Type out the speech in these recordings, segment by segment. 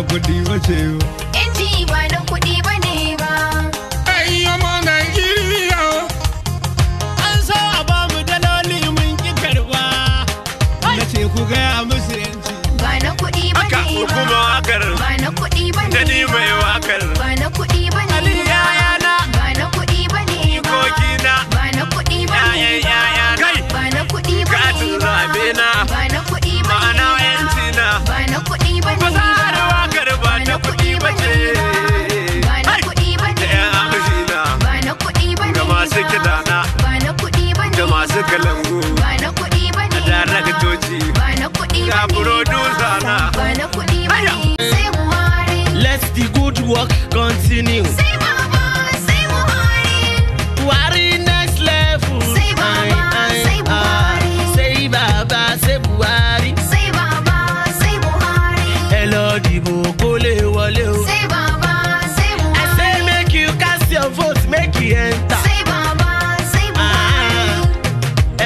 na kuɗi ba ce ba. Inji ba na kuɗi ba ne ba. yi ma Najeriya. An so a ba mu daloli mun ki karba. Na ce ku gaya musu yanci. Ba na kuɗi ba ne ba. Aka kuma akar. Ba na kuɗi ba ne ba. Da ni mai su kalangu na kuɗi na producer na let the good work continue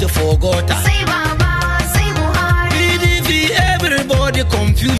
you forgot